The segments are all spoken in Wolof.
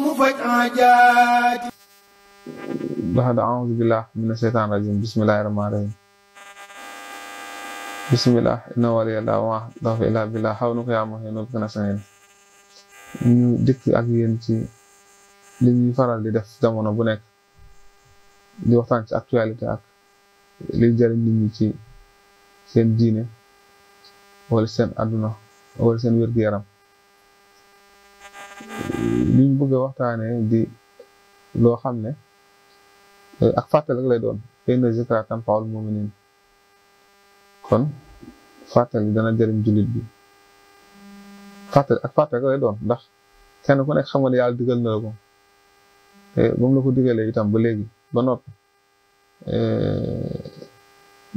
mu faj aajaati بعد أعوذ بالله من الشيطان الرجيم بسم الله الرحمن الرحيم بسم الله إن ولي الله وما لا إله بالله حولك يا معين وبك نستعين ñu dikk ak yéen ci li ñuy faral di def jamono bu nekk di waxtaan ci actualité ak li jëriñ nit ñi ci seen diine wala seen àdduna wala seen wér yaram liñ bëgg a waxtaanee di loo xam ne eh, ak fàttali rek lay doon inna zikraa tanfa'ul mu'miniin kon fàttali dana jëriñ jullit bi fàttali ak fàttali rek lay doon ndax kenn ku nekk xam nga ne na la ko te eh, ba mu itam ba léegi ba noppi eh,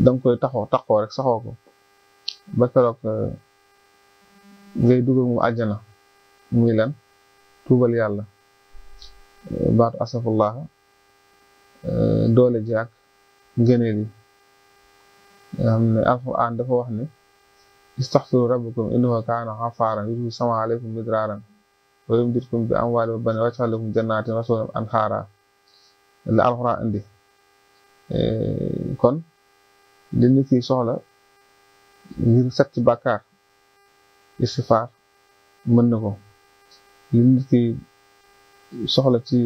da nga koy taxoo taxoo rek saxoo ko ba keroog ngay dugal mu àjjana muy lan tuubal yàlla baatu asafullaha doole ji ak ngëneel yi nga xam ne alquran dafa wax ne istaxfiru rabbakum innahu kaana xafaaran sama aleykum midraaran wa yumdidkum bi amwaali wa baniin wa jannaatin wa anhaara la alquran indi kon li nit soxla ngir set ci bàkkaar istifaar mën li nit ki soxla ci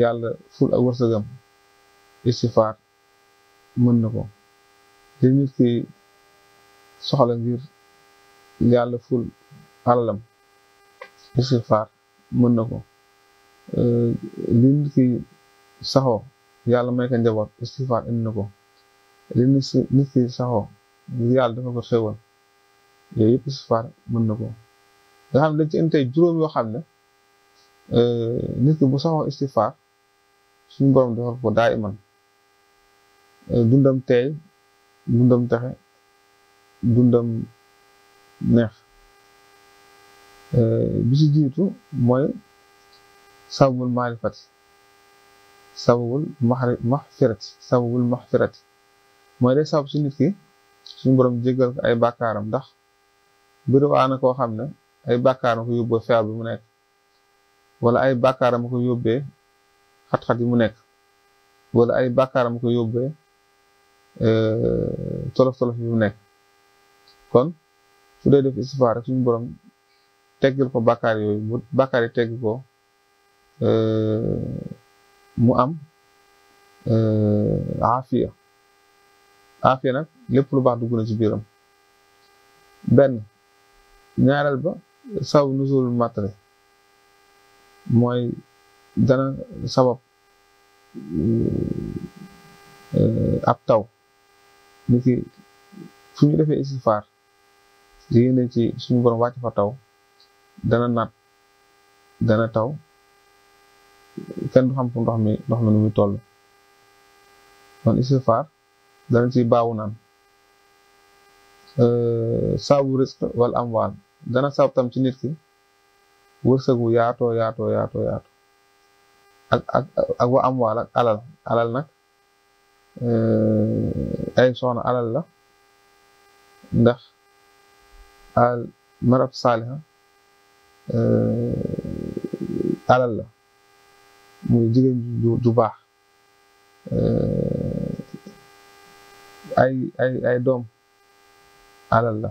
yàlla ful ak wërsëgam istifaar mën na ko li nit ki soxla ngir yàlla ful alalam istifaar mën na ko li eh, nit ki saxoo yàlla may ko njaboot istifaar indi na ko li nit ki saxoo ngir yàlla dafa ko xéwal yooyu yëpp istifaar mën na ko nga xam ne dañ ci juróom yoo xam ne euh, nit ki bu saxoo istifaar suñu borom defal ko daa iman euh, dundam teey dundam texe dundam neex euh, bi ci jiitu mooy sababul maarifati sababul maxfirati sababul maxfirati mooy day sabab si nit ki suñu borom jéggal ko ay bàkkaaram ndax bëri waa na koo xam ne ay bàkkaaram ko yóbbee feebar bi mu nekk wala ay bàkkaaram ko yóbbee xat-xat yi mu nekk wala ay bàkkaaram ko yóbbee euh, tolof-tolof yi mu nekk kon su dee def istifaar rek suñu borom teggal ko bàkkaar yooyu bu bàkkaar yi tegg ko euh, mu am euh, aafiya aafiya nag lépp lu baax dugg na ci biiram benn ñaareel ba saw nusul matale mooy dana sabab eh, ab taw ni ki fu ñu defee istifaar di yéene ci suñu borom wàcc fa taw dana naat dana taw kenn du xam fu ndox mi ndox mi nu muy toll kon istifaar dana ci baawu naan eh, saabu risque wala am amwaan dana sabab tam ci nit ki wërsëgu yaatoo yaatoo yaatoo yaatoo ak ak ak wa am alal alal nag eh, ay soxna alal la ndax al marab saaliha eh, alal la muy jigéen baax eh, ay ay doom alal la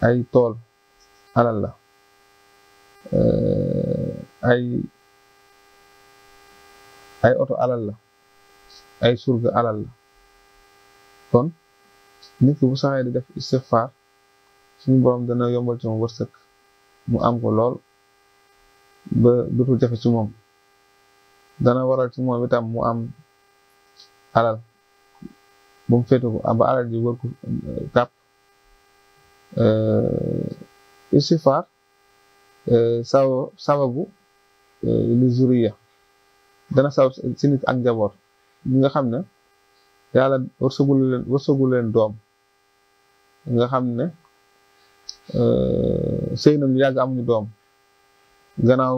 ay tool alal la euh, ay ay oto alal la ay surga alal la kon nit ki bu saxee di def istighfar suñu borom dana yombal ci moom wërsëg mu am ko lool ba dutul jafe ci moom dana waral ci moom itam mu am alal bu mu féete ko ba alal ji wër ko kàpp euh, istifaar sawa sababu li zuriya dana sabab si nit ak njaboot ñi nga xam ne yàlla wërsëgul leen wërsëgul leen doom nga xam ne euh, sëy nañu yàgg amuñu doom gannaaw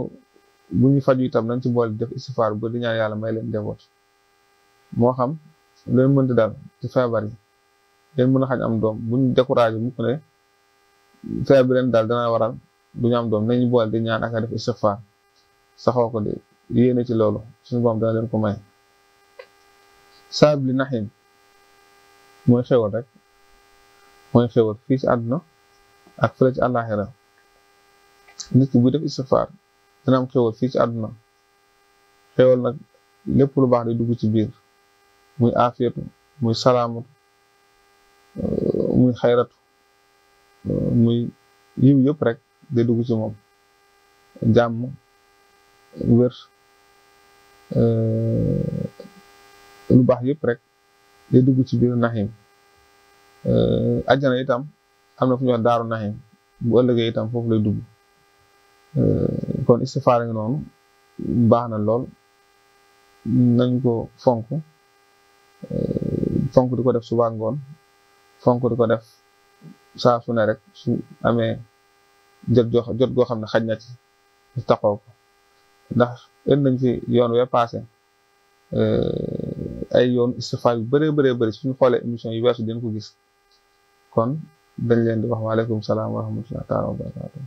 bu ñu faju itam nañ ci boole def istifaar ba di ñaan yàlla may leen njaboot moo xam leen mënti dal ci feebar yi leen mën a xañ am doom buñ découragé mukk ne feebar bi daal dana waral du ñu am doom nañu boole di ñaan ak def istighfar saxoo ko di yéene ci loolu suñu borom dana leen ko may sabli naxim mooy xewal rek mooy xewal fii ci àdduna ak fële ci àllaaxira nit ki bu def istighfar dana am fii ci àdduna xewal nag lépp lu baax di dugg ci biir muy aafiyatu muy salaamatu muy xayratu muy yiw yëpp rek day dugg ci moom jàmm wér euh, lu baax yëpp rek day dugg ci biir naxim ajjana euh, itam am na fu ñuy daaru naxim bu ëllëgee itam foofu lay dugg euh, kon istifaara noonu baax na lool nañ ko fonk fonk di ko def suba ngoon fonk di ko def saa su ne rek su amee jot joo jot goo xam ne xaj na ci ñu taxoo ko ndax ën nañ fi yoon wee passé euh, ay yoon istifaar yu bëree bëree bëri suñu xoolee émission yi weesu den ko gis kon dañ leen di wax waaleykum salaam wa rahmatulah taala wa barakatuh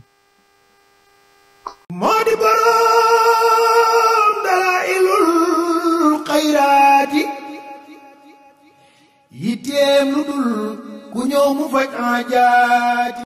majaji.